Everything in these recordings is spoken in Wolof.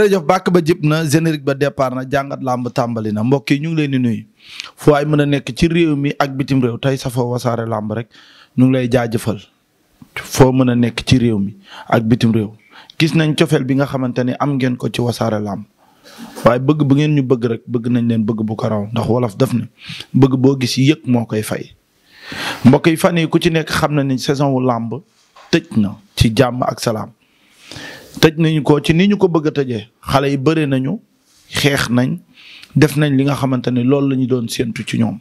jërëjëf bàkk ba jib na générique ba départ na jàngat làmb tàmbali na mbokk yi ñu ngi leen di nuyu fu ay mën a nekk ci réew mi ak bitim réew tey safoo wasaare làmb rek ñu ngi lay jaajëfal foo mën a nekk ci réew mi ak bitim réew gis nañ cofeel bi nga xamante ni am ngeen ko ci wasaare làmb waaye bëgg bu ngeen ñu bëgg rek bëgg nañ leen bëgg bu karaw raw ndax wolof daf ne bëgg boo gis yëg moo koy fay mbokk yi fan ku ci nekk xam na ni saison wu làmb tëj na ci jàmm ak salaam tëj nañu ko ci ni ñu ko bëgg a tëjee xale yi bëri nañu xeex nañ def nañ li nga xamante ne loolu la ñu doon séentu ci ñoom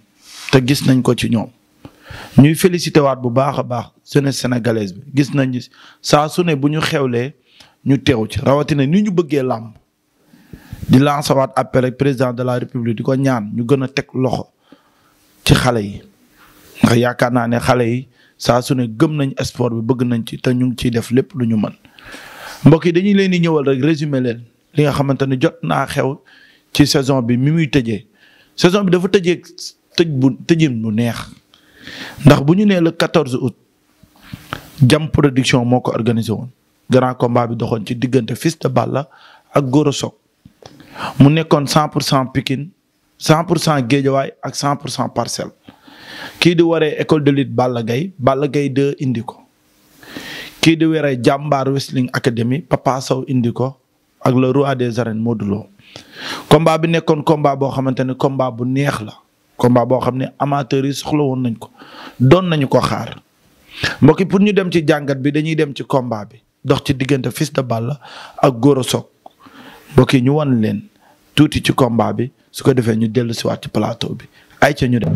te gis nañ ko ci ñoom. ñuy félicité waat bu baax a baax jeunesse sénégalaise bi gis nañ saa su ne bu ñu xewlee ñu teew ci rawatina ni ñu bëggee làmb di lancer waat appel président de la république di ko ñaan ñu gën a teg loxo ci xale yi. ndax yaakaar naa ne xale yi saa su ne gëm nañ sport bi bëgg nañ ci te ñu ngi ciy def lépp lu ñu man mbokk yi dañuy leen di ñëwal rek résumé leen li nga xamante ne jot naa xew ci saison bi mi muy tëjee saison bi dafa tëjee tëj bu tëjin bu neex ndax bu ñu nee le 14 août jam production moo ko organisé woon grand combat bi doxoon ci diggante fist de Balla ak Gora Sock mu nekkoon 100 pour cent Pikine 100 pour cent Guédiawaye ak 100 cent Parcelles kii di waree école de lutte Balla gay Balla gay 2 indi ko kii di wéree jàmbaar wrestling academy Papa Sow indi ko ak le roi de arènes Modou Lo combat bi nekkoon combat boo xamante ne combat bu neex la combat boo xam ne amateurs yi soxla woon nañ ko doon nañu ko xaar mbokki pour ñu dem ci jàngat bi dañuy dem ci komba bi dox ci diggante Fils de Balla ak Gora Sock mbokki ñu wan leen tuuti ci combat bi su ko defee ñu dellu siwaat ci plateau bi ay ca ñu dem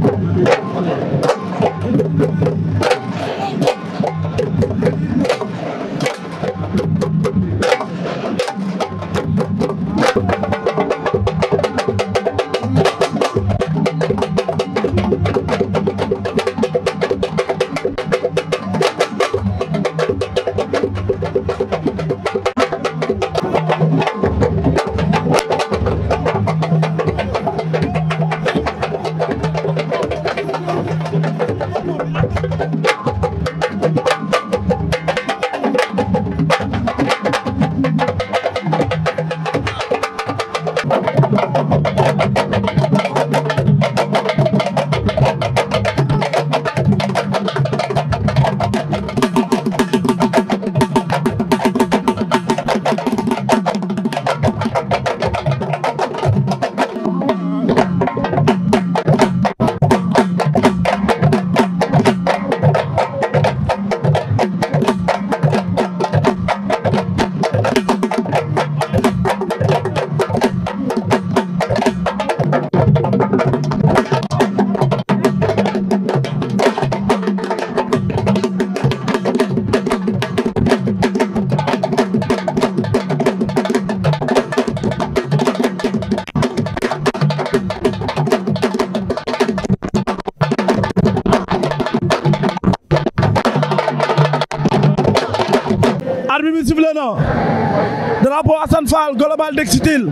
Fall Global Textile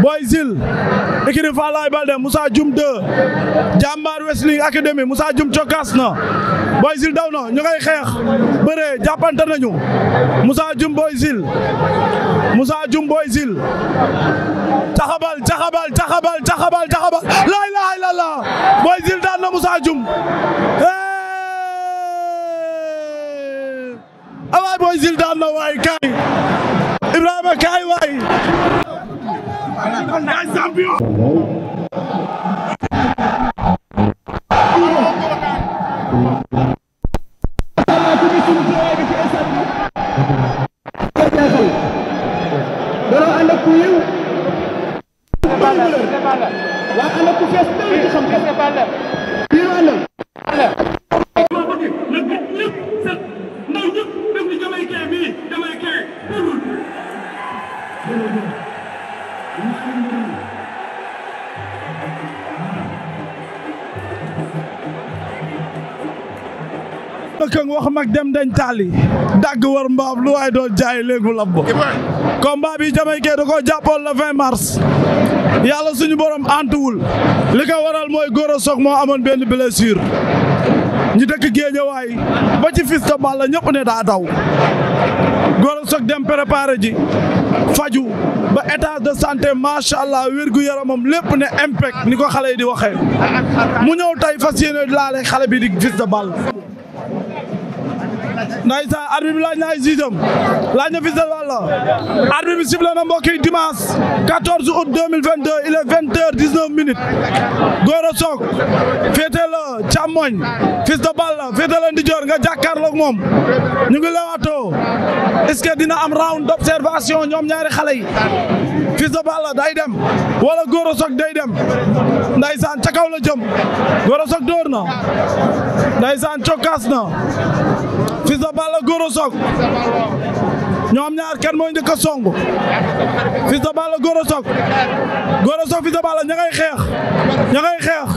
Boy Zil écurie Fallaye Baldé Moussa Dioum Jambar Wrestling Academy Moussa Dioum cokaas na Boy Zil daw xeex bëree jàppante nañu Moussa Dioum caxabal caxabal caxabal caxabal caxabal la daan na Moussa Dioum awaay Boy daan na waay kay Ibrahima kaay waay kaay champion waa ana ku fees dal ci xam wax mag dem dañ taali dagg war mbaab lu waay doon jaay léegu lamb combat bi jamaykee da koo jàppoon le 20 mars yàlla suñu borom antuwul li ko waral mooy góor moo amoon benn blessure ñu dëkk géejawaay ba ci fils la Balla ne daa daw góor a soog dem préparé ji faju ba état de santé macha allah wér gu yaramam lépp ne impact ni ko xale yi di waxee mu ñëw tey fas yéene laale xale bi di fils ndeysaan arbitre bi laaj na ay siisam laaj na Fils de Balla arbitre bi na mbokk yi dimanche 14 août 2022 il est 20 heures 19 minutes Gora Sock féete la càmmoñ Fils de Balla la ndijoor nga jàkkaarloog moom ñu ngi la est-ce que dina am round d'observation ñoom ñaari xale yi Fils de Balla wala Gora Sock day dem ndeysaan ca kaw la jëm a Sock door na ndeysaan cokkaas na Fils de Balla Gora ñoom ñaar kenn mooy njëkk a song Fils de Balla Gora Sock Gora Sock Fils de Balla ña ngay xeex ña ngay xeex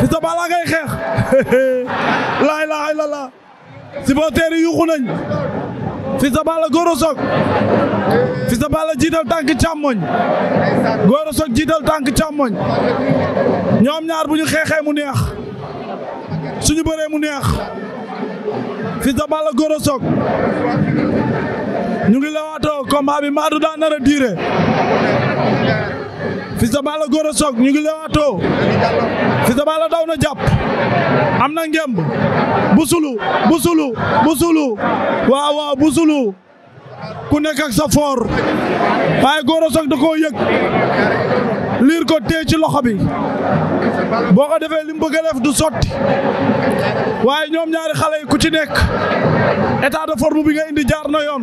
Fils de Balla ngay xeex laa ilaaha illallaah supporters yi yuxu nañ Fils de Balla Gora Sock Fils de Balla jiital tànk càmmoñ Gora Sock jiital tànk càmmoñ ñoom ñaar bu ñu xeexee mu neex suñu bëree mu neex Fils de Balla Gora ñu ngi lewaatoo combat bi maa du daa nar a duré Fils de Balla Gora ñu ngi lewaatoo Fils de Balla daw na jàpp am na ngemb bu sulu bu sulu ku nekk ak sa foor waaye Gora koo yëg liir ko téye ci loxo bi boo ko defee li mu bëgg du sotti waaye ñoom ñaari xale yi ku ci nekk état de forme bi nga indi jaar na yoon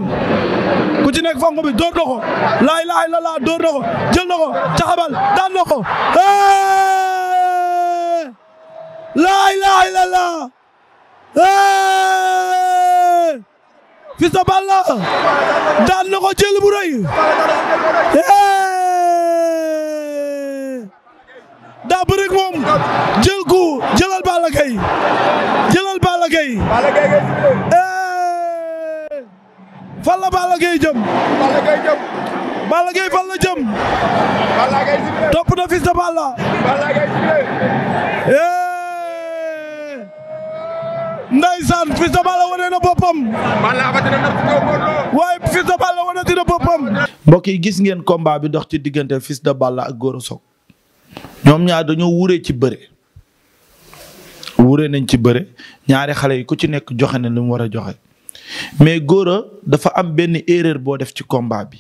ku ci nekk fonk bi dóor na laa ilaaha illallaah dóor na ko jël na ko daan na ko laa ilaaha illallaah Fils de Balla daan na ko jël bu daa bëreeg moom jël ko jëlal Balla Gaye jëlal Balla Gaye eh, fan la Balla Gaye jëm topp na fils de Balla eh, Ndeysaan fils de Balla wane na boppam waaye fils de Balla wane na boppam mbokk gis ngeen combat bi dox ci diggante fils de Balla ak Gora Sock ñoom ñaar dañoo wuree ci bëre wuree nañ ci bëre ñaari xale yi ku ci nekk joxe na li mu war a joxe mais góora dafa am benn erreur boo def ci combat bi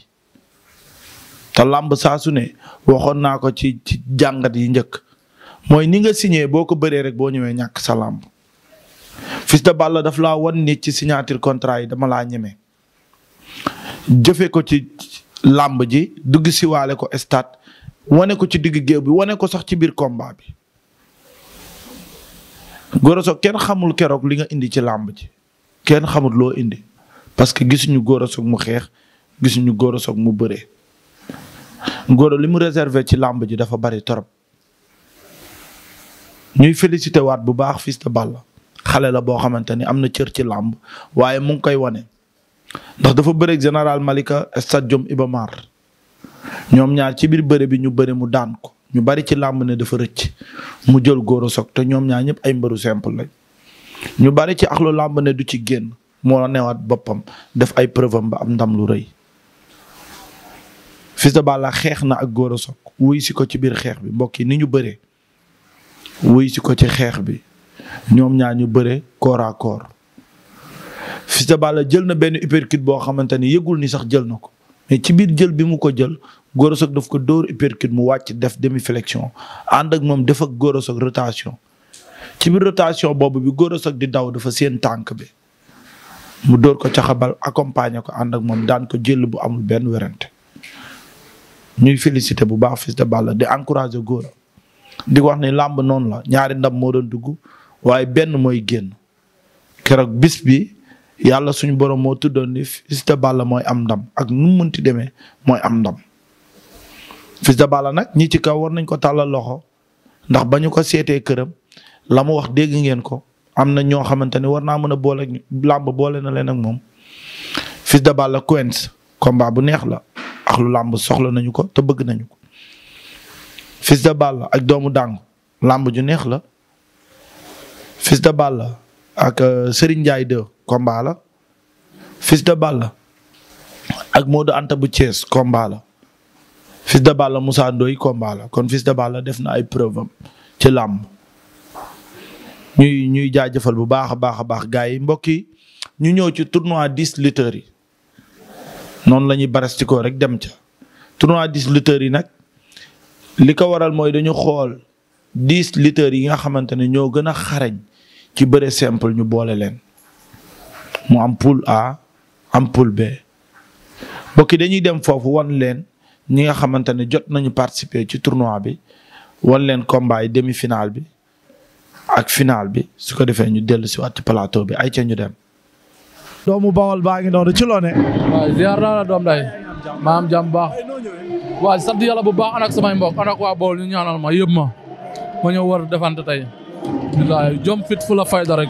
te làmb saa sune waxoon naa ko ci jàngat yi njëkk mooy ni nga signé boo ko bëree rek boo ñëwee ñàkk sa làmb Fils de Balla daf laa wan nit ci signature contrat yi dama laa ñeme jëfe ko ci làmb ji dugg siwaale ko stade wane ko ci diggu géew bi wane ko sax ci biir kombaa bi Gora kenn xamul keroog li nga indi ci làmb ji kenn xamul loo indi parce que gisuñu Gora Sock mu xeex gisuñu Gora Sock mu bëree Gora li mu réservé ci làmb ji dafa bari torop ñuy félicité waat bu baax Fils de Balla xale la boo xamante ni am na cër ci làmb waaye mu ngi koy wane ndax dafa bëreeg général Malika stade Iba Mar ñoom ñaar ci biir bëre bi ñu bëre mu daan ko ñu bari ci làmb ne dafa rëcc mu jël góor te ñoom ñaar ñëpp ay mbëru simple lañ ñu bari ci axlu làmb ne du ci génn moo newaat boppam def ay preuve am ba am ndam lu rëy. Fils de xeex na ak góor a wuy si ko ci biir xeex bi mbokk yi ni ñu bëree wuy ko ci xeex bi ñoom ñaar ñu bëre corps à corps Fils jël na benn uppercut boo xamante ni yëgul ni sax jël na ko. mais ci biir jël bi mu ko jël Gora Sock daf ko dóor uppercut mu wàcc def demi flexion ànd ak moom def ak Gora ci biir rotation boobu bi Gora Sock di daw dafa seen tànk bi mu dóor ko ca xabal accompagner ko ànd ak moom daan ko jël bu amul benn werante ñuy félicité bu baax fis de Balla di encouragé góor di wax ni làmb noonu la ñaari ndam moo doon dugg waaye benn mooy génn keroog bis bi yàlla suñu borom moo tuddoon ni Fils de mooy am ndam ak nu mu mënti demee mooy am ndam. Fils de nag ñi ci kaw war nañ ko tàllal loxo ndax ba ñu ko seetee këram la mu wax dégg ngeen ko am na ñoo xamante ne war naa mën a boole ak làmb boole na leen ak moom. Fils de Balla Quench combat bu neex la ak làmb soxla nañu ko te bëgg nañu ko Fils de Balla ak doomu dàng làmb ju neex la Fils de Balla ak euh, sëriñ Ndiaye 2 combat fis de de la ak Modou Anta bu Thiès combat fis de Balla Moussa Ndoye combat kon Fils de Balla def na ay preuve am ci làmb ñuy ñuy jaajëfal bu baax a baax a baax gars yi mbokk yi ñu ñëw ci tournoi dix lutteurs yi noonu la ñuy barastikoo rek dem ca tournoi dix lutteurs yi nag li ko waral mooy dañu xool dix lutteurs yi nga xamante ne ñoo gën a xarañ ci bëre simple ñu boole leen mu am poule A am poule B bokki dañuy dem foofu wan leen ñi nga xamante ne jot nañu participer ci tournoi bi wan leen combat yi demi final bi ak final bi su ko defee ñu dellu si waat bi ay ca ñu dem. doomu Bawol baa ngi noonu ci loone waaw ziar naa la doom day maa am jàmm baax waaw bu baax anak samay mbokk anak waa Bawol ñu ñaanal ma yëpp ma ma ñëw war defante jom fit fu fayda rek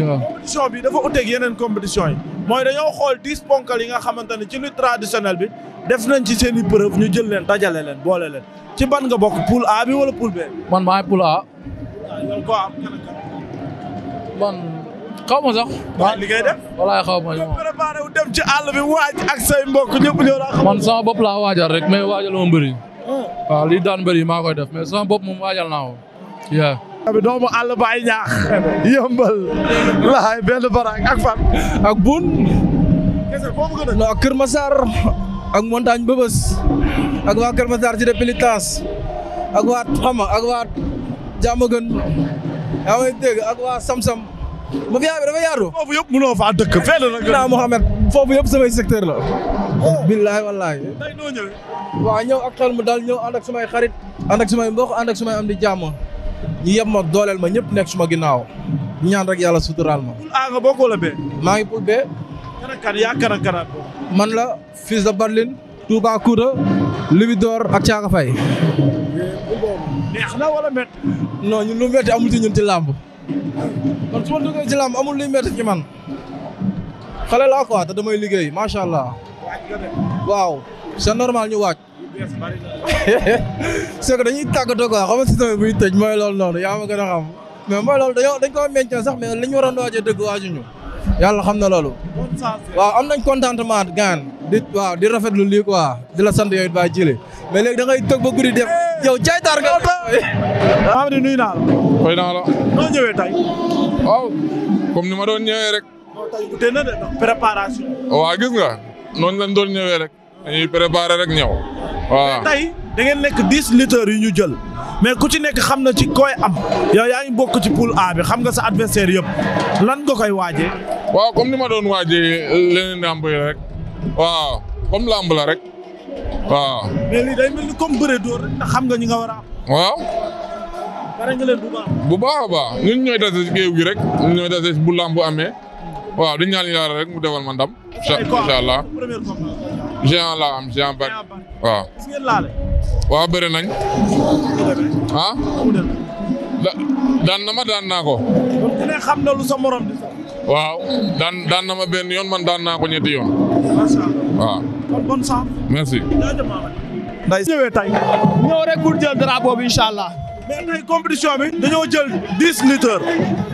compétition bi dafa uteeg yeneen compétition yi mooy dañoo xool dix ponkal yi nga xamante ne ci lutte traditionnelle bi def nañ ci seen i ñu jël leen dajale leen boole leen ci ban nga bokk poule A bi wala poule B. man maay poule A. man xaw ma sax. waaw li ngay def. walaay xaw ma ñu dem ci àll bi waaj ak say mbokk ñëpp ñoo la man sama bopp laa waajal rek mais waajal ma mbëri. Oh. waaw li daan mbëri maa koy def mais sama bopp moom waajal naa ko. abi doomu àll ba ay ñaax yëmbal laay benn baraak ak fan ak bun no ak Kër Masar ak montagne bëbës ak waa Kër Masar ci dépilitance ak waa xama ak waa Diamaguène yaa may dégg ak waa Samsam ma fi bi dafa yaatu foofu yëpp mënoo faa dëkk fenn la naa Mohamed foofu yëpp samay secteur la oh. billaay wallaay waaw ñëw ak xel mu dal ñëw ànd ak sumay xarit ànd ak sumay mbokk ànd ak di jàmm ñu yeb ma dooleel ma ñëpp nekk suma ginnaaw ñaan rek yàlla suturaal ma. poul A nga maa ngi poul B. kan yaa kan man la Fils de Berlin. Touba Kouta. Libidor ak Thiaka Faye. neex na wala ñun lu metti amul ci ñun ci làmb. man su ma duggee ci làmb amul luy metti ci man. xale laa quoi te liggéey macha allah. waaw c'est normal ñu waaj. c'est que dañuy tàggatoo quoi xam nga système buy tëj mooy loolu noonu yaa ma gën a xam mais mooy loolu dañoo dañ koo meññ sax mais li ñu waroon waaj a dëgg waajuñu yàlla xam na loolu. waaw am nañ contentement gaan di waaw di rafetlu di la sant yooyu ba jëlee mais léegi da ngay toog ba guddi def yow caytaar nga. Amady nuyu naa la. fay naa la. noo ni ma doon ñëwee rek. tey na de doon ñëwee rek dañuy préparer rek ñëw. waaw tey da ngeen nekk dix lutteurs yu ñu jël mais ku ci nekk xam na ci koy am yow yaa ngi bokk ci poule A bi xam nga sa adversaire yëpp lan nga koy waajee. waaw comme ni ma doon waaje leneen làmb rek waaw comme làmb la rek waaw. mais lii day mel ni comme bëre dóor xam nga ñi nga war a am. waaw. pare bu baax. bu baax ñooy tase ci géew gi rek ñun ñooy tase bu làmb amee waaw di ñaan yàlla rek mu defal ma ndam. incha allah géant laa am géant bari waaw. waaw bëri nañ. ah. daan na ma daan naa ko. ku ne waaw daan na ma benn yoon man daan naa ko ñetti yoon. waaw. merci. jaajëf Maama. ñëwee tey. ñëw rek pour jël drapeau bi incha allah. mais tey compétition bi dañoo jël dix lutteurs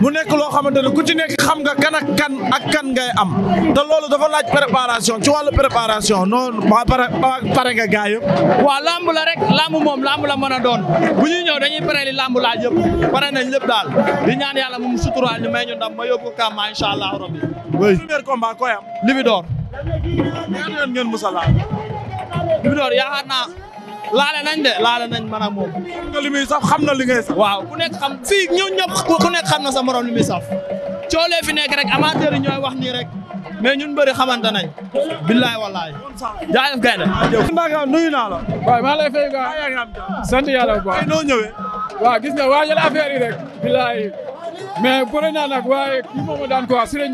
mu nekk loo xamante ne ku ci nekk xam nga kan ak kan ak kan ngay am te loolu dafa laaj préparation ci wàllu préparation noonu ma pare pare nga gars yëpp. waaw lamb la rek lamb moom lamb la mën a doon bu ñuy ñëw dañuy pare li lamb laaj yëpp pare nañ lépp daal di ñaan yàlla moom suturaal ñu may ñu ndam ma yóbbu kàmma incha allah rabbi. oui premier combat koy am. Libidor. ñaata yoon laale nañ de laale nañ man ak moom. nga li muy saf xam na li ngay saf. waaw ku nekk xam fii ñëw ñëpp ku nekk xam na sa morom li muy saf coolee nekk rek amateur yi ñooy wax nii rek mais ñun bëri xamante nañ. billaay wallaay. jaajëf gaynde. jërëjëf Ndaka nuyu naa la. waaw maa ngi lay fay sant yàlla bu baax. noo ñëwee. waaw gis nga waajal affaire yi rek. billaay mais bëri naa nag waaye kii daan ko waa Sire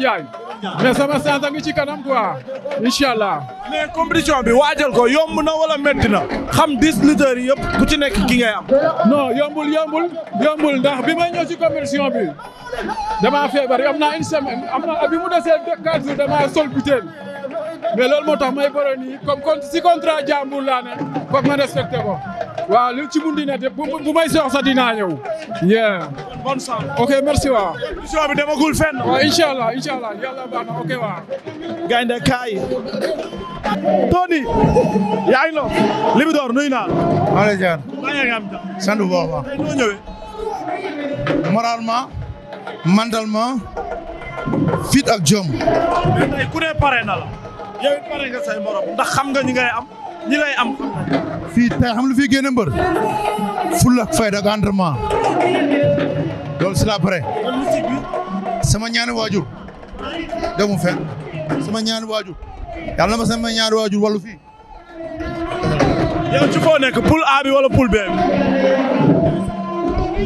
mais sama séance a ngi ci kanam quoi incha allah. mais compétition bi waajal ko yomb na wala métti xam dix lutteurs yi yëpp ku ci nekk ki ngay am. non yombul yombul yombul ndax bi may ñëw ci compétition bi damaa feebar am na une am na bi mu desee quatre damaa sol butéel. mais loolu moo tax may bëre si contrat jàmbur laa ne ma respecté waaw li ci mun di bu may sox sa dinaa ñëw. yeah. bonne chance. ok merci waaw. émission bi demagul fenn. waaw incha allah incha allah yàlla baax na ok waaw. gaynde kaay. Tony. yaa ngi lor. Libidor nuyu naa la. maa ngi lay ziar. maa fit ak jom. yow it pare nga say morom ndax xam nga ñi ngay am ñi lay am. fii tey xam lu fi génne mbër. fulla ak fayda ak entraînement. loolu c'est après. sama ñaani waajur. demu fenn. sama ñaani waajur. yàlla na ma sama ñaani waajur wàllu fii. yow ci foo nekk poule A bi wala poule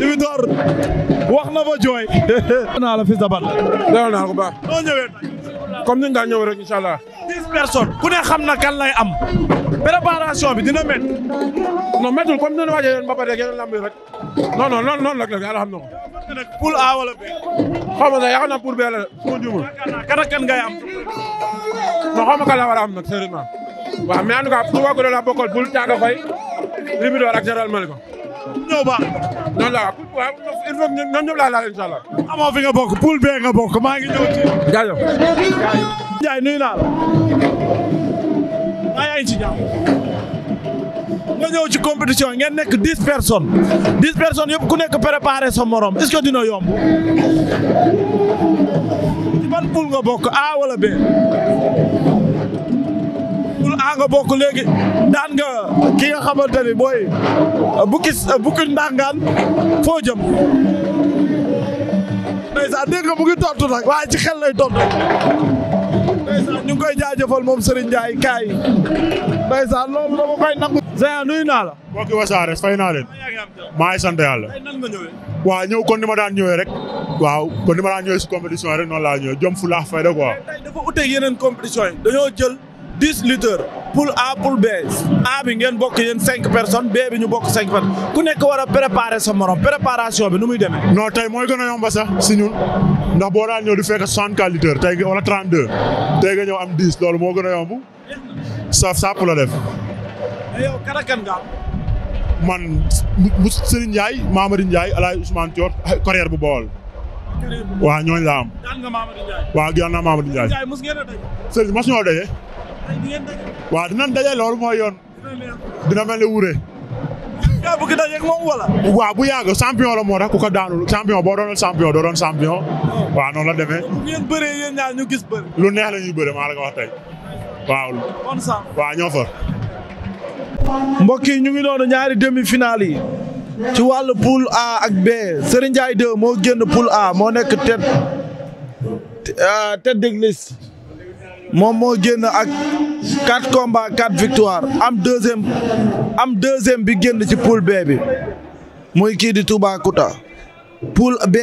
B door wax na ba jooy. naa la fils de Balla. delloo naa la ko baax. noo ñëwee comme niñ daa ñëw rek incha allah. dix personnes ku ne xam na kan lay am. préparation bi dina métti. non méttiwul comme ni ñu waajee yoon ba pare rek yeneen lamb yi rek. non non non noonu rek la yàlla na ko. nag poule A wala B. xaw ma naa poule B la de su ma juumul. kan am. non xaw ma kan laa war a am nag sérieusement. waaw mais en tout cas su ma gënoon a bokkal poule Thiaka Faye. Libidor ak Général Malika. ñëw ba. noonu laa waaw fi nga bokk poul bee nga bokk maa ngi ñëw ci. jaajëf. Ndiaye naa la. maa yaa ngi ci nga ñëw ci compétition ngeen nekk dix personnes dix personnes yëpp ku nekk préparé sa morom est-ce dina yomb. ci ban nga bokk A wala B. naa nga bokk léegi daan nga ki nga xamante ni booy euh, euh, bukki bukki ndàngaan foo jëm ndeysaan dégg nga mu ngi tontu nag waaye ci xel lay tontu ndeysaan ñu ngi koy jaajëfal moom Serigne Ndiaye kaay ndeysaan loolu dama koy nangu Géant nuyu naa la bokki wasaare fay naa leen maa ngi sant yàlla ñëw kon ni ma daan ñëwee rek waaw kon ni ma daan ñëwee si compétition rek noonu laa ñëwee jom yi dañoo jël dix lutteurs poule A poule B A bi ngeen bokk yéen cinq personnes B bi ñu bokk cinq personnes ku nekk war a préparer morom préparation bi nu muy demee. noo tey mooy gën a yomba sax si ñun ndax boo daan ñëw di fekk soixante quatre lutteurs tey nga wala trente deux tey nga ñëw am dix loolu moo gën a yomb saaf saaf la def. mais yow kan ak kan man mu Serigne Ndiaye Mamadou Ndiaye El Hadj Ousmane bu Bawol. waaw ñooñu la am. daan nga naa Mamadou Ndiaye. Ndiaye mos a daje. ñoo daje. waaw dinañ daje loolu mooy dina mel ni wuure. yaa bu yàgg champion la moo tax ku ko daanul champion boo doonul champion doo doon champion. waaw noonu la demee. gis bëri. lu neex la ñuy bëri maa la ko wax yi ñu ngi noonu ñaari demi finale yi. ci wàllu poule A ak B Serigne Ndiaye moo génn poule A moo nekk tête euh, tête de moom moo génn ak quatre combats quatre victoires am deuxième am deuxième bi génn ci poule B bi muy kii di Toubacouta poule B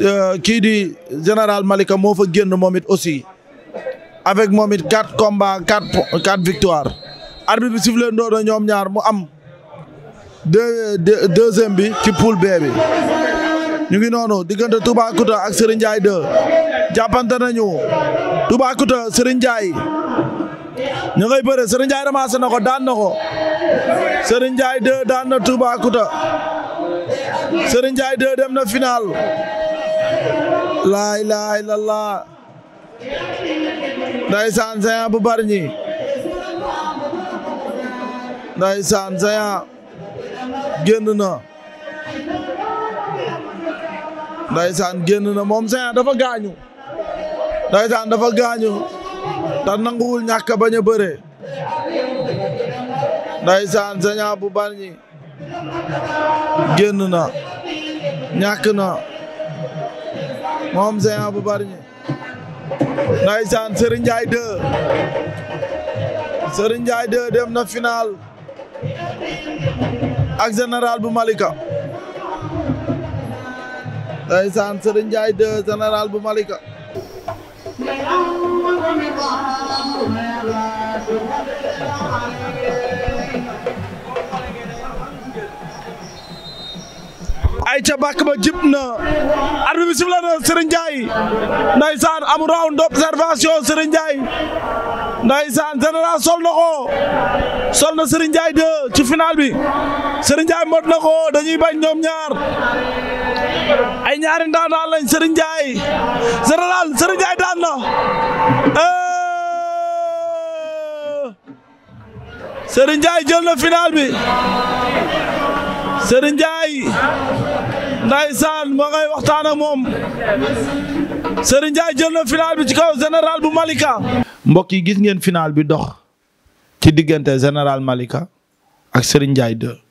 euh, kii di général Malika moo fa génn moom it aussi avec moom it quatre combats quatre quatre victoires arbitre bi sifflé ndoo ñoom ñaar mu am deux deuxième bi ci poule B bi ñu ngi noonu diggante Toubacouta ak Serigne Ndiaye 2 jàppante nañu Toubacouta Serigne Ndiaye ngay bëre Serigne Ndiaye ramassé na ko daan na ko Serigne Ndiaye 2 daan na Toubacouta Serigne Ndiaye 2 dem na final laa ilaaha illallah ndaysaan Géant bu Bargny ndaysaan Géant génn na ndaysaan génn na moom Géant dafa gaañu ndaysaan dafa gaañu te nanguwul ñàkk a bañ a bëree ndaysaan Géant bu Bargny génn na ñàkk na moom Géant bu Bargny ndaysaan Serigne Ndiaye 2 Serigne Ndiaye 2 dem na final ak général bu Malika ndeysaan Serigne bu Malika ay ca bàkk ba jib na arbitre bi sifflé na Serigne Ndiaye ndeysaan am round d'observation Serigne Ndiaye ndeysaan général sol na ko sol na Serigne Ndiaye ci final bi Serigne Ndiaye mot ko dañuy bañ ñoom ñaar ay ñaari ndaanaan lañ Serigne Ndiaye général Serigne Ndiaye daan na eh! Serigne Ndiaye jël na final bi Serigne Ndiaye ndaysaan moo ngay waxtaan ak moom Serigne Ndiaye jël na final bi ci kaw général bu Malika. mbokk yi gis ngeen final bi dox ci diggante général Malika ak sëriñ Ndiaye 2.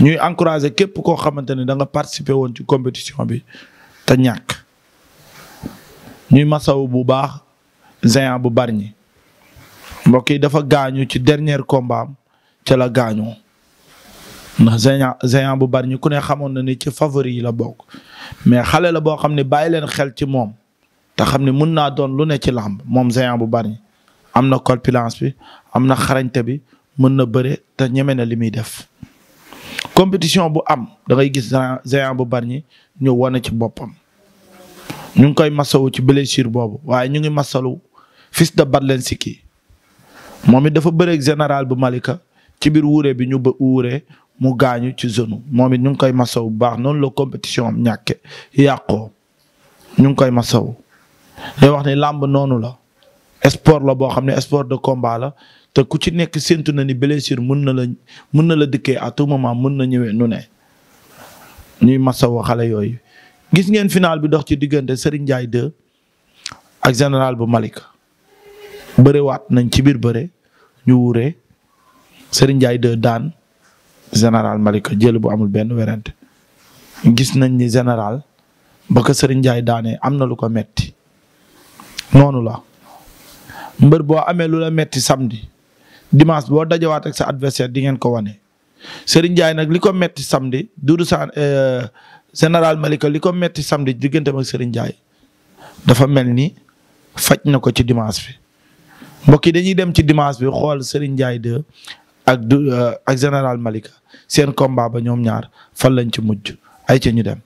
ñuy encourager képp koo xamante ne da nga participer woon ci compétition bi te ñàkk ñuy masaw bu baax géant bu bari ñi mbokk yi dafa gaañu ci dernier combat am la gaañu ndax géant géant bu bari ñi ku ne xamoon na ni ci favori yi la bokk mais xale la boo xam ne bàyyi leen xel ci moom te xam ne mun naa doon lu ne ci làmb moom géant bu bari am na corpulence bi am na xarañte bi mën na bëre te ñeme na li muy def. compétition bu am da ngay gis géant bu Bargny ñu wane ci boppam ñu ngi koy masawu ci blessure boobu waaye ñu ngi masalu fils de Badlenski moom it dafa bëreeg général bu Malika ci biir wuure bi ñu ba wuure mu gaañu ci zone moom it ñu ngi koy masawu bu baax noonu la compétition am ñàkke yàqoo ñu ngi koy masawu. day wax ni làmb noonu la sport la boo xam ne sport de combat la te ku ci nekk séntu na ni blessure mën na la mën na la dikkee à mën na ñëwee nu ne ñuy masawoo xale yooyu. gis ngeen final bi dox ci diggante Serigne Ndiaye 2 ak général bu Malika bëriwaat nañ ci biir bëre ñu wuure Serigne Ndiaye 2 daan général Malika jël bu amul benn werante gis nañ ni général ba ko Serigne Ndiaye daanee am na lu ko metti noonu la mbër boo amee lu la metti samdi dimanche boo dajawaat ak sa adversaire di ngeen ko wane. Serigne Ndiaye nag li ko metti samedi Doudou Sane euh, général Malika li ko metti samedi digganteem ak Serigne Ndiaye dafa mel ni faj na ko ci dimance bi mbokki dañuy dem ci dimance bi xool Serigne Ndiaye 2 ak du euh, ak général Malika seen combat ba ñoom ñaar fan lañ ci mujj ay ca ñu dem.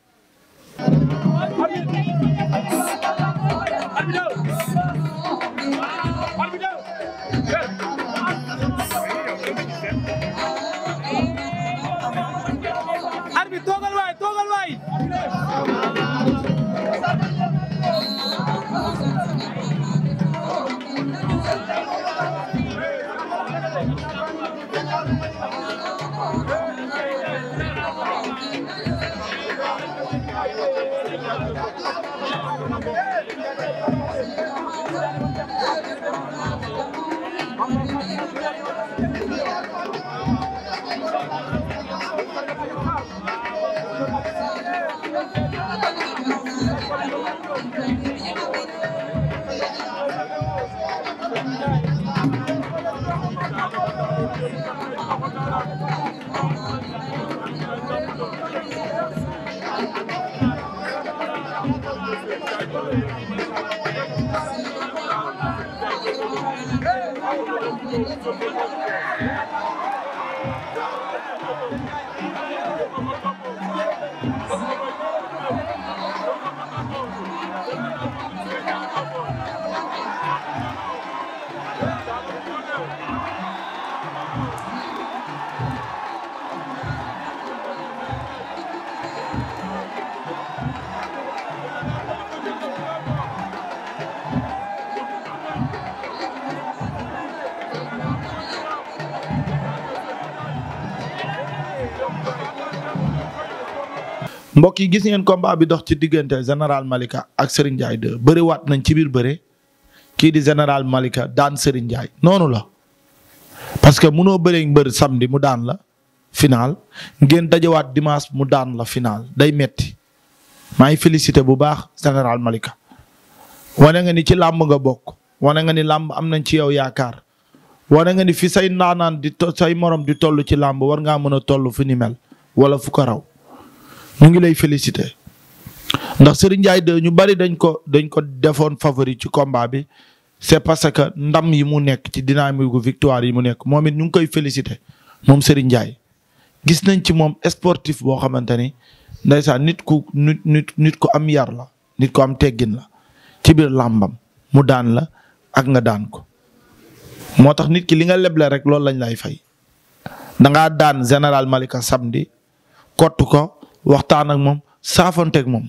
Thank you. mbokk yi gis ngeen combat bi dox ci diggante général Malika ak Serigne Ndiaye 2 waat nañ ci biir bëre kii di général Malika daan Serigne Ndiaye noonu la. parce que munoo bëree mbër samedi mu daan la final ngeen dajawaat dimanche mu daan la finaal day metti maa ngi félicité bu baax général Malika. wane nga ni ci làmb nga bokk wane nga ni làmb am nañ ci yow yaakaar wane nga ni fi say ndaanaan di say morom di toll ci làmb war ngaa mën a toll fu ni wala fu mu ngi lay féliciter ndax Serigne Ndiaye ñu bari dañ ko dañ ko defoon favori ci komba bi c'est parce que ndam yi mu nekk ci dynamique gu victoire yi mu nekk moom it ñu ngi koy félicité moom Serigne Ndiaye gis nañ ci moom sportif boo xamante ni ndeysaan nit ku nit ku am yar la nit ku am teggin la ci biir làmbam mu daan la ak nga daan ko moo tax nit ki li nga leble rek loolu lañ lay fay da daan général Malika samedi kott ko waxtaan ak moom saafanteeg moom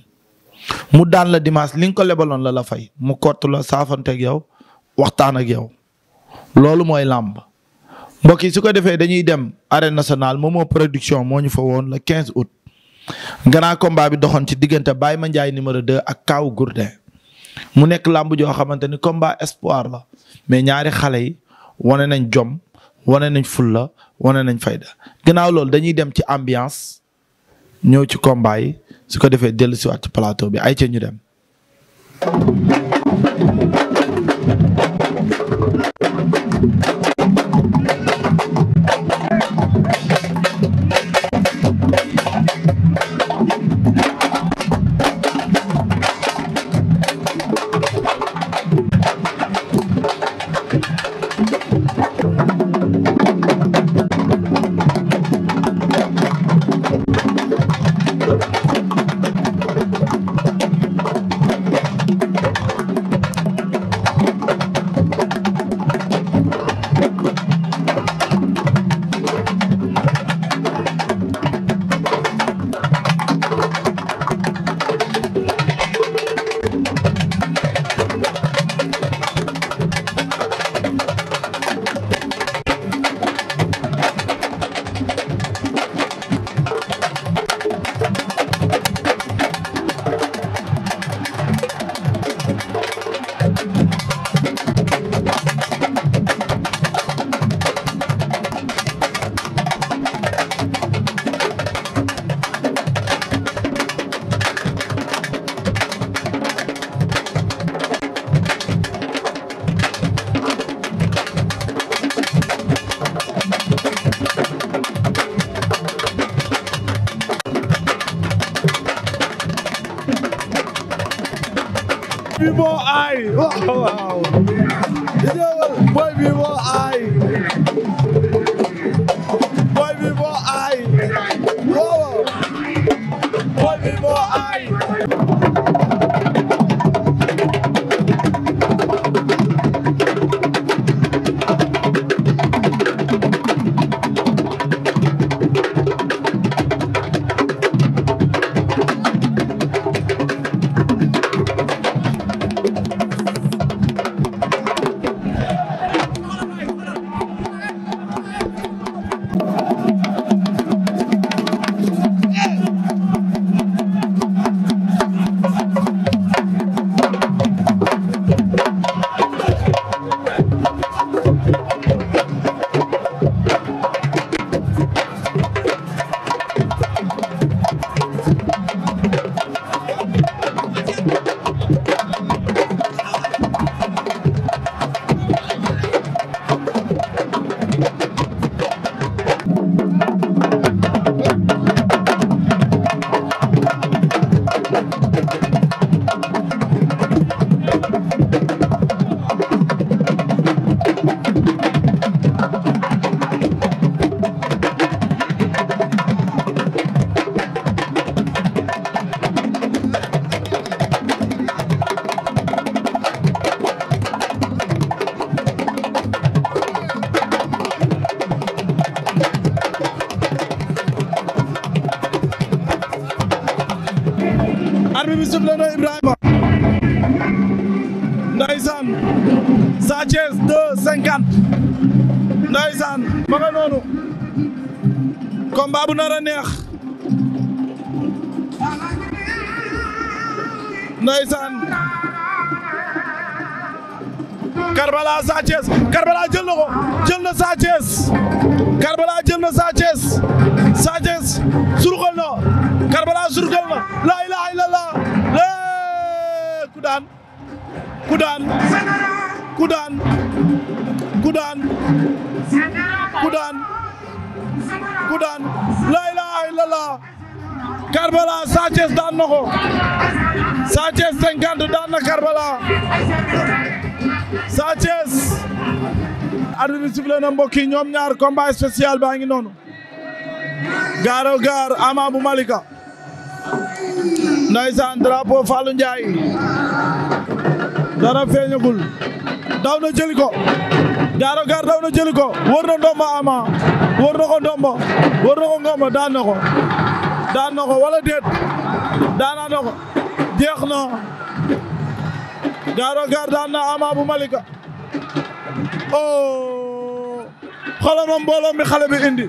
mu daan la dimanche li nga ko lebaloon la la fay mu kott la saafanteeg yow waxtaan ak yow loolu mooy làmb mbokk yi su ko defee dañuy dem national moom moo production moo ñu fa woon le 15 août. grand combat bi doxoon ci diggante baay ma Mandiaye numéro 2 ak Kaaw Gourdin mu nekk làmb joo xamante ni combat espoir la mais ñaari xale yi wane nañ jom wane nañ ful la wane nañ fayda gannaaw loolu dañuy dem ci ambiance. ñëw ci combat yi su ko defee dellu si ci plateau bi ay ca ñu dem ko Sa Thiès 50 daan na Karbala Sa Thiès yi ñoom ñaar combat spécial baa ngi noonu gaaro gaar ama bu Malika ndeysaan drapeau Fallou Ndiaye dara feeñagul daw na jëli gaaro gaar daw na jëli ko wër na ndomba ama wër na ko ndomba wër na ko wala déet daana na ko jeex na Garo Gare daan na Ama bu Malika oh xoolal mbooloo mi xale bi indi.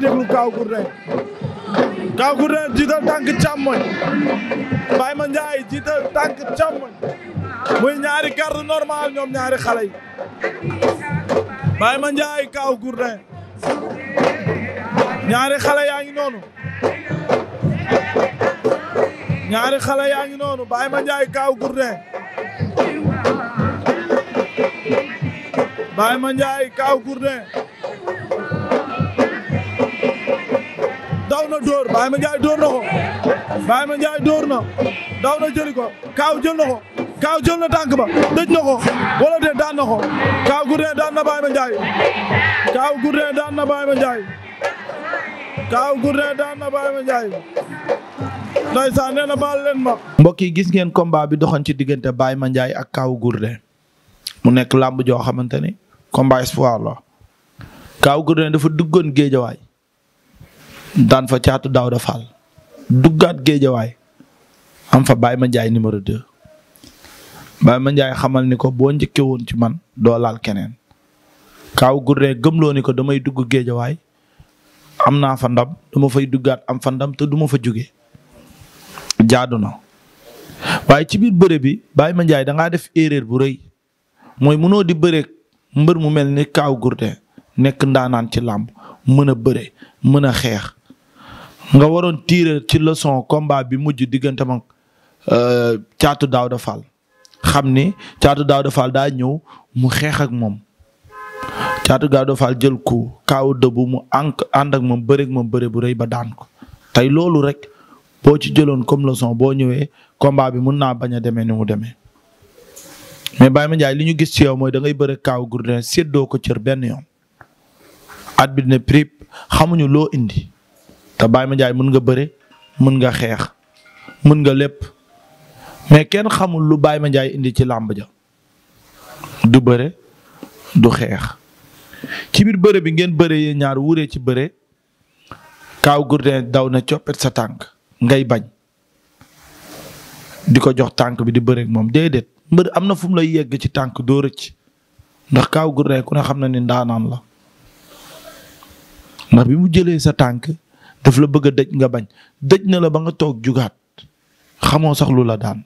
déglu Kaw Gourdin Kaw Gourdin jiital tànk càmmoñ Baye Ma Ndiaye jiital tànk càmmoñ muy ñaari garde normal ñoom ñaari xale yi Baye Ma Ndiaye Kaw ñaari xale yaa ngi noonu. ñaari xale yaa ngi noonu Baye Mandiaye Kaw Gourdin Baye Mandiaye Kaw Gourdin daw na dóor Baye Mandiaye dóor na na daw na jëli ko jël na ko Kaw jël na tànk ba dëj na ko wala de daan na ko Kaw Gourdin daan na Baye Mandiaye Kaw Gourdin daan na Baye Mandiaye Kaw ndeysaan nee na baal leen ma. mbokk yi gis ngeen combat bi doxoon ci diggante ma Mandiaye ak Kaaw Gourdin mu nekk làmb joo xamante ni combat espoir la Kaaw Gourdin dafa duggoon géejawaay daan fa caatu Daouda Fall duggaat géejawaay am fa Baye Mandiaye numéro 2. Baye Mandiaye xamal ni ko boo njëkkee woon ci man doo laal keneen Kaaw Gourdin gëmloo ni ko damay dugg géejawaay am naa fa ndam dama fay duggaat am fa ndam te duma fa jóge jaadu na waaye ci biir bëre bi Baye Mandiaye da ngaa def erreur bu rëy mooy mënoo di bëreeg mbër mu mel ni kaw Gourdin nekk ndaanaan ci làmb mën a bëre mën a xeex nga waroon tiire ci leçon combat bi mujj diggante mag caatu euh, Daouda Fall xam ni caatu Daouda Fall daa ñëw mu xeexak moom caatu Daouda Fall jël ko kaaw dëbbu mu ànd ànd moom bëreeg moom bëre bu rëy ba daan ko tey loolu rek. boo ci jëloon comme leçon boo ñëwee combat bi mun naa bañ a demee ni mu demee. mais Baye Mandiaye li ñu gis ci yow mooy da ngay bëre kaaw Gourdin séddoo ko cër benn yoon at bi ne prip xamuñu loo indi te Baye Mandiaye mën nga bëre mën nga xeex mën nga lépp mais kenn xamul lu Baye Mandiaye indi ci làmb ja du bëre du xeex ci biir bëre bi ngeen bëre yee ñaar wure ci bëre kaaw Gourdin daw na coppet sa tànk ngay bañ di ko jox tànk bi di bëreeg moom déedéet mbër am na fu mu lay yegg ci tànk doo rëcc ndax Kaw Gourdin ku ne xam na ni ndaanaan la ndax bi mu jëlee sa tànk daf la bëgg a dëj nga bañ dëj na la ba nga toog jugaat xamoo sax lu la daan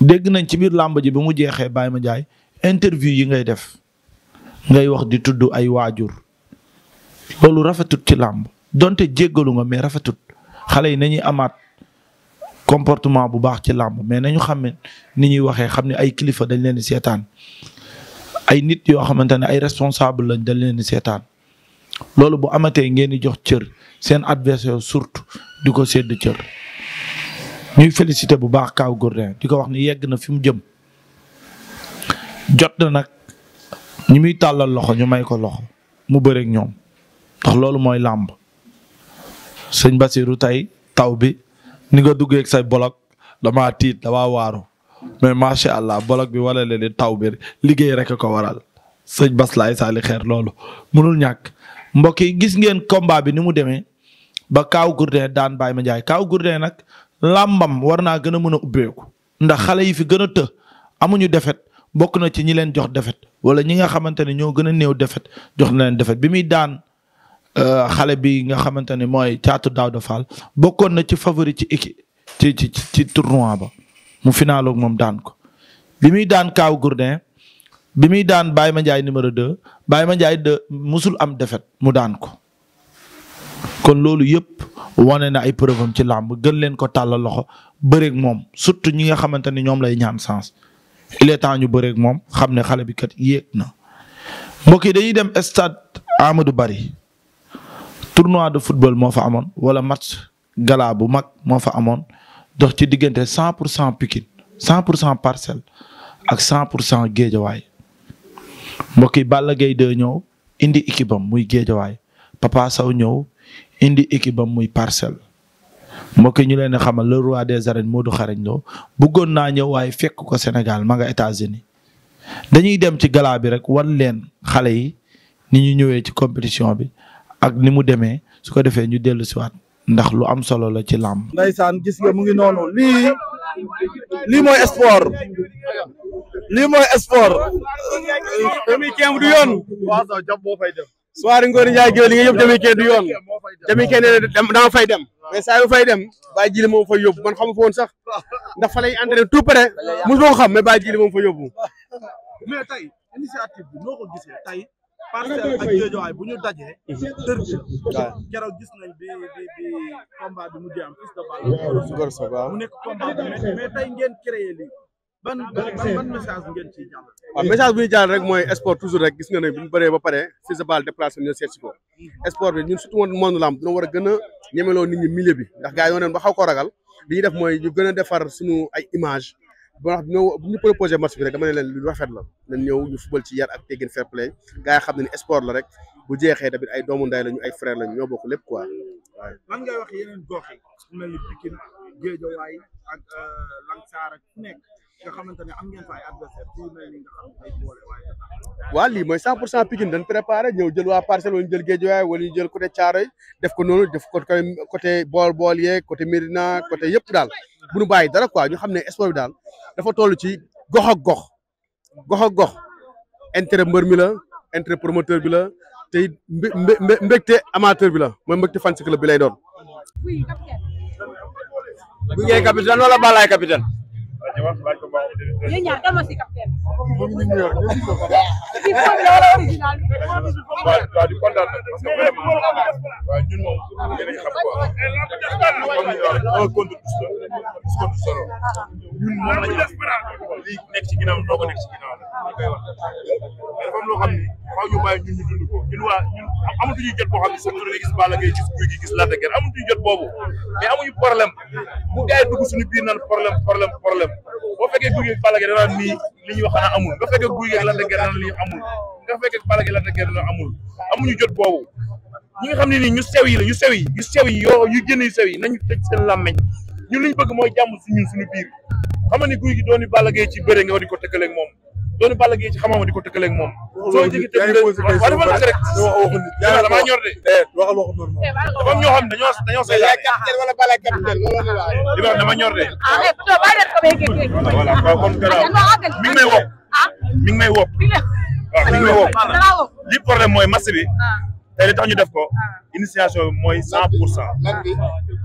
dégg nañ ci biir làmb ji ba mu jeexee baay ma jaay interview yi ngay def ngay wax di tudd ay waajur loolu rafetut ci làmb donte jéggalu nga mais rafetut xale yi nañuy amaat comportement bu baax ci làmb mais nañu xam ne ni ñuy waxee xam ne ay kilifa dañ leen di seetaan ay nit yoo xamante ne ay responsable lañ dañ leen di seetaan loolu bu amatee ngeen di jox cër seen adversaire surtout di ko sédd cër. ñuy félicité bu baax Kaw Gourdin di ko wax ni yegg na fi mu jëm jot na nag ñu muy tàllal loxo ñu may ko loxo mu bëreeg ñoom ndax loolu mooy làmb. sëñ Basiru tey taw bi ni ko duggee ak say bolok damaa tiit waa waaru mais macha allah bolok bi wala leen taw bi liggéey rek ko waral sëñ Bas laay saali xeer loolu mënul ñàkk mbokk yi gis ngeen combat bi ni mu demee ba kaw Gourdin daan Baye Mandiaye Kaaw Gourdin nag làmbam war naa gën a mën a ubbeeku ndax xale yi fi gën a të amuñu defet bokk na ci ñi leen jox defet wala ñi nga xamante ne ñoo gën a néew defet jox na leen defet bi muy daan. Euh, xale bi nga xamante ne mooy Thiatou Daouda Fall bokkoon na ci favori ci équipe ci ci ba mu finaaloog moom daan ko bi muy daan Kaaw Gourdin bi muy daan ma Mandiaye numéro 2 Baye Mandiaye de musul am defet mu daan ko kon loolu yëpp wane na ay preuve ci làmb gën leen ko tàllal loxo bëreeg moom surtout ñi nga xamante ne ñoom lay ñaan sens il est temps ñu moom xam ne xale bi kat yéeg na mbokki yi dañuy dem stade Amadou bari tournoi de football moo fa amoon wala match gala bu mag moo fa amoon dox ci diggante cent pour cent Pikine cent pour cent Parcelles ak cent pour cent Géejawaay mbokk yi Balla Gaye ñëw indi équipe am muy Géejawaay Papa Sow ñëw indi équipe am muy parcelle mbokk ñu leen xamal le roi des arènes Modou Xarañ Lo buggoon naa ñëw waaye fekk ko Sénégal ma nga États-Unis dañuy dem ci gala bi rek wan leen xale yi ni ñu ñëwee ci compétition bi ak ni mu demee su ko defee ñu dellu siwaat ndax lu am solo la ci làmb ndaysaan gis nga mu ngi noonu lii lii mooy sport lii mooy sport demi-keen du yoon soirée Ngor Ndiaye Gueye li nga yëpp demi-keen du yoon demi-keen nee na fay dem mais saa yu fay dem bàyyi jili moom fay yóbbu man xamu fa woon sax ndax fa lay entraîné tout près mosu ma xam mais bàyyi jili moom fa yóbbu mais tey initiative bi parcelle ak bu ñu dajee. dër bi gis nañ bi bi bi combat bi mujjee am Fils de Balla. mu nekk combat bu métti mais tey ngeen créé lii. ban ban message ngeen ciy jàllale. waaw message bu ñuy rek mooy sport toujours rek gis nga ne bu ñu bëree ba pare Fils si ko. sport bi ñun surtout woon monde lamb dina war a gën a ñemeloo nit ñi milieu bi ndax gars yi yoo neen ba xaw ko ragal li def mooy ñu gën a defar suñu ay image boo xam ñoo bu ñu proposé match bi rek dama ne leen lu rafet la nañ ñëw ñu fubal ci yar ak teggin fair play gars xam ne ni sport la rek bu jeexee tamit ay doomu nday lañu ay frère lañu ñoo bokk lépp quoi waaw. lan ngay wax yeneen gox yi su mel ni Pikine Guédiawaye ak euh, Langsar ak nekk. nga xamante ne am ngeen lii mooy cent pour cent Pikine dañ préparé ñëw jël waa parcelle wala ñu jël Guédiawaye wala ñu jël côté Thiaroye def ko noonu def ko côté bool bool yeeg côté Médina côté yëpp daal bu ñu dara quoi ñu xam ne sport bi daal dafa toll ci gox ak gox gox gox intérêt mbër mi la intérêt promoteur bi la te it mbégte amateur bi la mooy mbégte fan club bi lay doon. bu wala Balaye capitaine. yéen ñaar dama si si foofu la moom yéen a ngi xam quoi amuñu problème bu gars yi dugg biir naan problème problème problème. boo fekkee guy gi Balla Gaye danaan nii ñuy wax xanaa amul nga fekkee guy gi Lac de Guiers danaan lii amul nga fekkee Balla Gaye Lac amuñu jot boobu ñi nga xam ne nii ñu sew yi la ñu sew yi ñu sew yi yoo yu génn yu sew yi nañu tëj seen làmmeñ ñu li ñu bëgg mooy jàmm suñu suñu biir xam nga ni guy gi dooni Balla Gaye ci bëre nga war di ko tëkkaleeg moom doon Balla Gaye ci xamama di ko tëkkaleeg moom. soo ñoo xam wala Balla capitaine loolu ma wax de. voilà mi may wopp. mi ngi may wopp. waaw mi ngi may wopp. li problème bi. li tax ñu def ko. initiation bi mooy cent pour cent.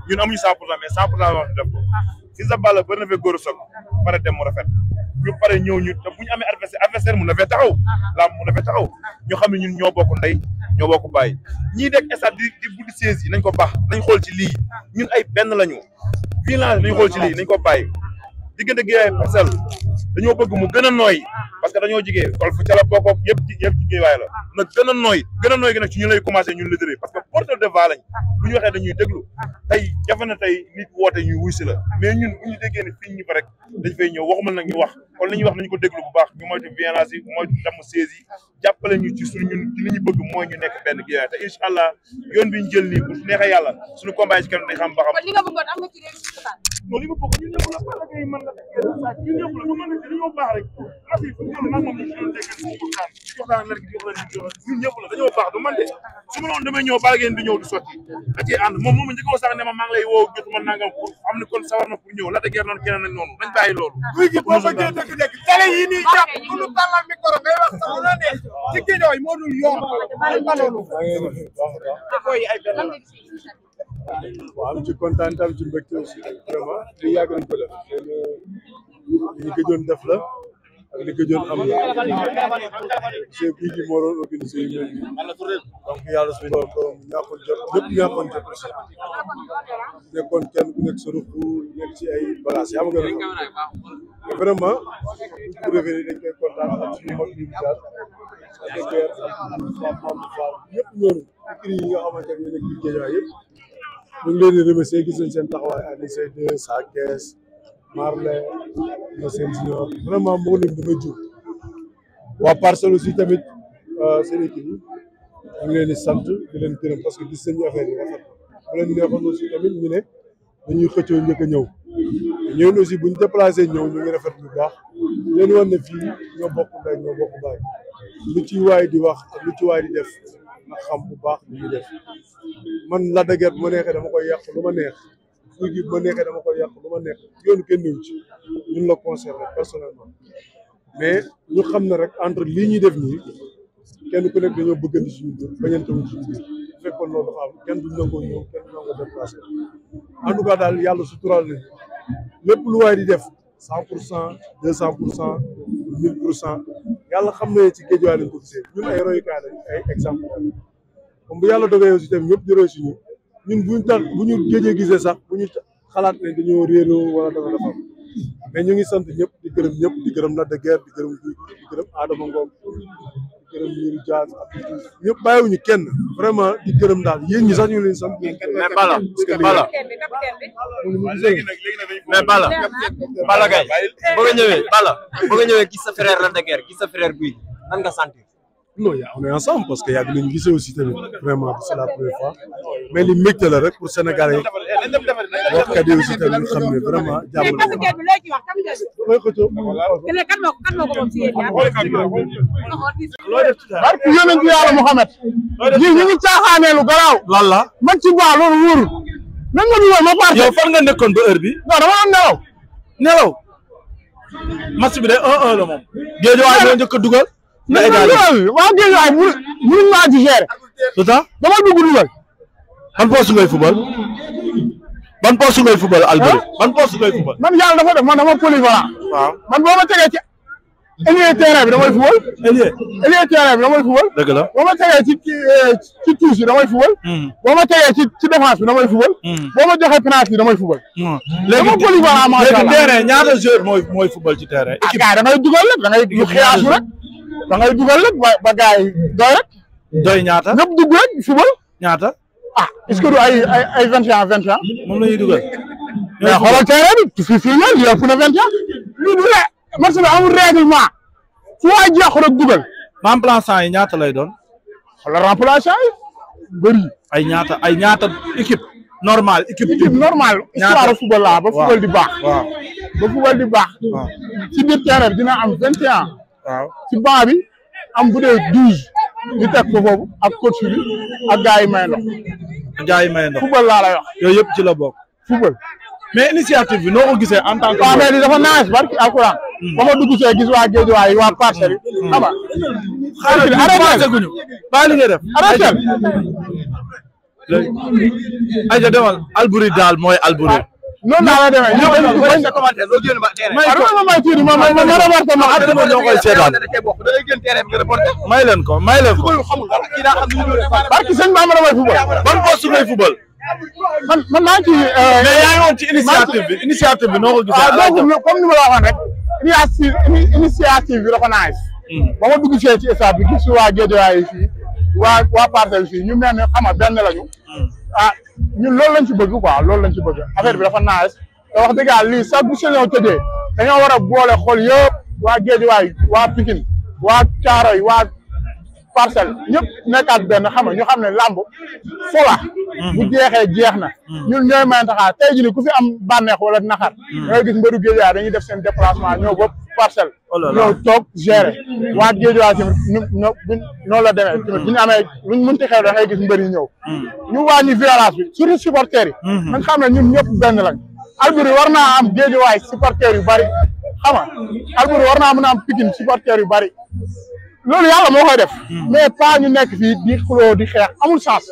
ñun amuñu cent pour cent mais cent pour cent wax def ko. Fils de Balla bëri na fee góor soog pare dem mu rafet ñu pare ñëw ñu te bu ñu amee adversaire adversaire mun na fee taxaw laam mun na fee taxaw ñu xam ne ñun ñoo bokk ndey ñoo bokk bàyyi ñii dekk stade di di buddi yi nañ ko baax nañ xool ci lii ñun ay benn lañu violence nañ xool ci lii nañ ko bàyyi diggante gi ay parcelle dañoo bëgg mu gën a nooy parce que dañoo jigee golf ca la bokkook yëpp yëpp waay la na gën nooy gën nooy ci ñu lay commencé ñun leader parce que porteur de voix lañ ñu waxee dañuy déglu tey jafe na tey nit woote ñu wuy si la mais ñun ñu déggee ne fii ñu fa rek dañ fay ñëw waxuma nag ñu wax kon li wax nañu ko déglu bu baax ñu moytu violence yi moytu damm saisi jàppale ñu ci suñu ñun ci li ñu bëgg mooy ñu nekk benn Guédiawaye te incha allah yoon dañoo baax rek affaire yi fu mu toll nag moom ñun ñëpp la dañoo baax du man de su ma la woon damay ñëw baal ngeen di du sotti da cee ànd moom moom njëkkoon sax ne ma maa ngi lay woo jotu ma nangam pour am ni kon sawar na pour ñëw la da gerte noonu keneen ak noonu nañ bàyyi loolu. guy gi boo bëggee dëgg-dëgg télé yi nii jàpp ku ñu tàllal micro ngay wax sax la ne ci kii yooyu moo dul yoon di yàgg nañ li gëjoon def la ak li gëjoon am la monsieur bii di moo doon organisé yu mel nii donc yàlla suñu borom ñàkkul jot ñëpp ñàkkoon jot aussi nekkoon kenn ku nekk sa ruq nekk ci ay bagages yaa ma gën a xam vraiment pour revenir dañ koy kontaan ak suñu mbokk yi mu jaar ak DPR ak ñëpp ñooñu kii yi nga xamante gis seen taxawaay Aliou Marley na seen junior vraiment moo lim dafay jóg waa parcelle aussi tamit euh, seen équipe yi ngi leen di sant di leen gërëm parce que gis nañu affaire yi rafet bu leen neexoon aussi ñu ne dañuy xëccoo njëkk a ñëw ñëw aussi bu ñu déplacé ñëw ñu ngi rafet bu baax leen woon ne fii ñoo bokk ndey ñoo bokk baay lu ci waay di wax a lu ci waay di def nga xam bu baax lu ñuy man la dëgër bu ma neexee dama koy yàq lu ma neex kuy ji ma neexee dama koy yàq lu ma nekk yoonu kenn ñëw ci ñun la concerné personnellement mais ñu xam na rek entre lii ñuy def nii kenn ku nekk dañoo bëggandi si biir bañante wuñ suñu biir bu fekkoon loolu dafa am kenn du nangoo ñëw kenn du nangoo déplacé en tout cas daal yàlla suturaal nañu lépp lu waay di def cent pour cent deux cent pour cent mille pour cent yàlla xam ne ci géej waay lañ ko gisee ñun ay royukaay lañ ay exemple comme bu yàlla dogee aussi tamit ñëpp di roy si ñun bu ñu tar bu ñu géejee gisee sax bu ñu xalaat ne dañoo réeroo wala dafa dafa mais ñu ngi sant ñëpp di gërëm ñëpp di gërëm Lac de Guiers di gërëm Gouye Gui di gërëm Adama Ngom di gërëm Lirou Diane ak kenn vraiment di gërëm daal yéen ñi sax ñu ngi leen sant. bala Balla parce que Balla. léegi nag léegi nag mais Balla. Balla Gaye boo nga ñëwee Balla boo nga ñëwee gis sa frère Lac de Guiers gis sa frère non yaa on est ensemble parce que yàgg nañu gisee aussi tamit vraiment c'est la première fois mais li mbégte la rek pour Sénégal yi waxkat yi aussi tamit xam ne vraiment jàmm la barke yonentu yàlla Muhammad ñi ñu ngi caaxaanee lu garaaw lan la man ci baa loolu wóorul nan nga dugal ma part yow fan nga nekkoon ba heure bi non dama doon nelaw bi de un un la moom géej waay moo njëkk a dugal na état bi waaw dégg nga waaye mënuñ maa di gérer. lu tax dama dugg dugal. ban poste ngay fubal. ban poste ngay fubal Alboury. ban poste ngay fubal. man yàlla dafa def man dama polyvalent. waaw man boo ma tegee ci. ailier terrain bi damay fubal. ailier ailier terrain bi damay fubal. dëgg la boo ma tegee ci ci touche bi damay fubal. Hmm. boo ma tegee ci ci défense bi damay fubal. Hmm. boo ma joxee penalty bi damay fubal. Hmm. léegi dama polyvalent macha allah léegi terrain ñaata joueur mooy mooy fubal ci terrain. Ah, équipe da ngay dugal rek da ngay xiyaasu rek. da ngay dugal rek ba ba gars yi doy ñaata ñëpp dugg rek fubal. ñaata. ah est-ce que du ay ay ay vingt et un vingt et dugal. mais xoolal terrain bi fii fii ñoom yëpp na vingt et un. lii du la fu waay jeex rek dugal. remplaçant yi ñaata lay doon. xoolal remplaçant yi ay ñaata ay ñaata équipe. normal équipe équipe normale. histoire ba football di baax. waaw ba football dina am vingt waaw si baa bi am bu dee douze. ñu teg ko foofu ak coach bi ak gars yi may ndox. gars yi may ndox football laa lay wax. yooyu yëpp ci la bokk. football mais initiative bi noo ko gisee en tant que. waaw mais dafa naaj barki alquran. Hmm. ba ma dugg see gis waa géej waa yi waa parcelle yi. xam hmm. nga xaaral bi guñu bàyyi li def. arrêté. léegi. ayca demal Alboury daal mooy Alboury. noonu laa la demee ñëw ma may tuuti ma ma ma remarqué ma at ma ñoo koy seetaan may leen ko may leen ko barki sëñ Bamba damay football ban poste ngay football man man maa ngi ci mais yaa ngi woon ci initiative bi initiative bi noo ko gisee donc comme ni ma la waxoon rek initiative initiative bi dafa naaj ba ma dugg see ci stade bi gis waa Guédiawaye fii waa waa Parcelles fii ñu mel ne xam nga benn lañu ah ñun loolu lañ ci bëgg quoi loolu lañ ci bëgg affaire bi dafa naaj te wax dëgg yàlla lii chaque bu saison tëjee dañoo war a boole xool yëpp waa waay waa Pikine waa Caaroy waa parcelle ñëpp nekkaat benn xam nga ñu xam ne làmb fu la mm-hmm. bu jeexee jeex na mm-hmm. ñun ñooy may taxaar ah, tey jii ku fi am bànneex wala naxar mm-hmm. da ngay gis mbëru Géejawaay dañuy def seen déplacement ñoo bopp parcelle. Oh ñëw toog gérer mm. waa géej waa tamit ñu ñu noonu la demee. tamit mm. bu ñu amee luñ mënti da ngay gis mbër yi ñëw. Mm. ñu wàññi violence bi surtout supporters yi. Mm-hmm. nañ xam ne ñun ñëpp benn lañ. Alboury war naa am géej waay supporters yu bari xam nga Alboury war naa mën a am Pikine supporters yu bari. loolu yàlla moo koy def mm-hmm. mais pas ñu nekk fii di xuloo di xeex amul sens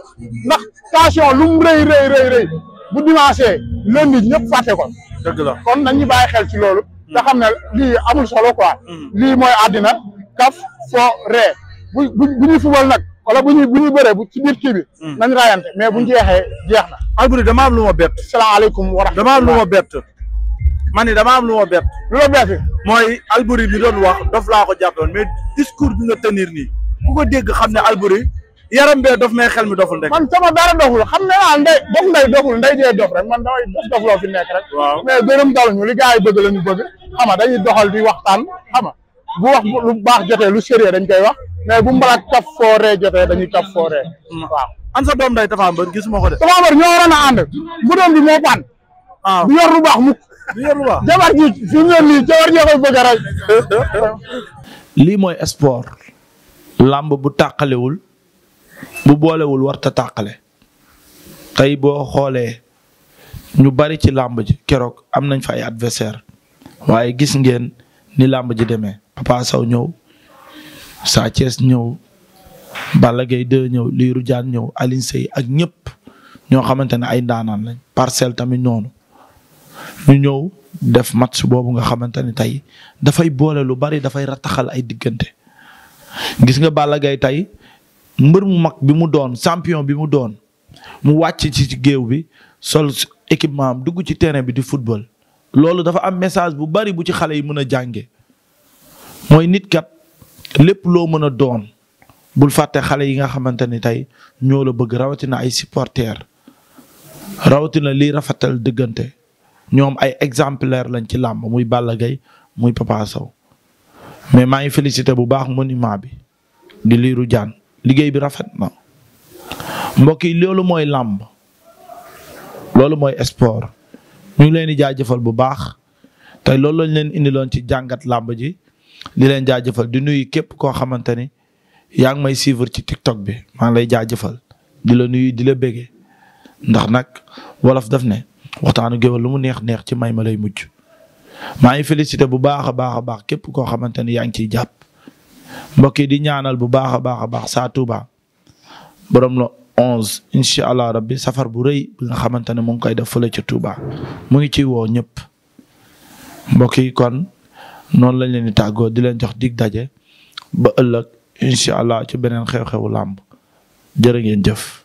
ndax tension lu mu rëy rëy rëy rëy bu dimanche lundi ñëpp fàtte ko dëgg la kon nañu bàyyi xel si loolu te xam ne lii amul solo quoi. Mm. li mooy àddina kaf foo ree bu bu bu ñuy fubal nag wala bu ñuy bu ñuy bëree bu ci biir kii bi. Mm. nañ raayante mais bu jeexee jeex na. Alboury dama am lu ma bett. salaamaaleykum wa rahmatulah dama am lu ma bett. ma dama am lu ma bett. lu ma bett bi doon wax dof laa ko jàppoon mais discours bi nga tenir nii ku ko dégg xam ne Alboury yaram bee dof mais xel mi doful rek. man sama dara doful xam ne ah ndey dof ndey doful ndey dee dof rek man damay dof dof loo fi nekk rek. waaw mais gërëm dal ñu li gars yi bëgg la ñu bëgg xam nga dañuy doxal di waxtaan xam nga bu wax lu baax jotee lu sérieux dañ koy wax mais bu mbalak kaf fooree jotee dañuy kaf fooree. waaw an sa doom day Tapha Mbeur gisuma ko de. Tapha Mbeur ñoo waroon a ànd bu doom bi moo pan. waaw ah. bu yor lu baax mu. bu yor lu baax jabar ji fi mu nii jabar ji koy bëgg rek. lii mooy sport. làmb bu tàqalewul bu boolewul warta tàqale tey boo xoolee ñu bari ci làmb ji keroog am nañ fa ay adversaire waaye gis ngeen ni làmb ji demee Papa ñëw Sa Thiès ñëw bala Gaye 2 ñëw Lirou Diane ñëw Alioune ak ñëpp ñoo xamante ne ay ndaanaan lañ parcelle tamit noonu ñu ñëw def match boobu nga xamante ne tey dafay boole lu bari dafay rattaxal ay diggante gis nga Balla Gaye tey mbër mu mag bi mu doon champion bi mu doon mu wàcc ci géew bi sol équipement dugg ci terrain bi di football. loolu dafa am message bu bari bu ci xale yi mën a jànge mooy nit kat lépp loo mën a doon bul fàtte xale yi nga xamante ni tey ñoo la bëgg rawatina ay supporters rawatina liy rafetal dëggante ñoom ay exemplaire lañ ci làmb muy Balla Gaye muy Papa mais maa ngi félicité bu baax monument bi di liiru jaan liggéey bi rafet na mbokk yi loolu mooy làmb loolu mooy sport ñu ngi leen di jaajëfal bu baax te loolu lañ leen indiloon ci jàngat làmb ji di leen jaajëfal di nuyu képp koo xamante ni yaa ngi may suivre ci TikTok bi maa ngi lay jaajëfal di la nuyu di la bége ndax nag wolof daf ne waxtaan waxtaanu géwél lu mu neex neex ci may ma lay mujj maa ngi félicité bu baax a baax a baax képp koo xamante ni yaa ngi ciy jàpp. mbokk yi di ñaanal bu baax a baax a baax saa Touba borom la onze incha allah rabbi safar bu rëy bi nga xamante ne mu ngi koy def fële ca Touba mu ngi ciy woo ñëpp. mbokk yi kon noonu lañ leen di tàggoo di leen jox dig daje ba ëllëg incha allah ci beneen xew-xewu làmb jërë ngeen jëf.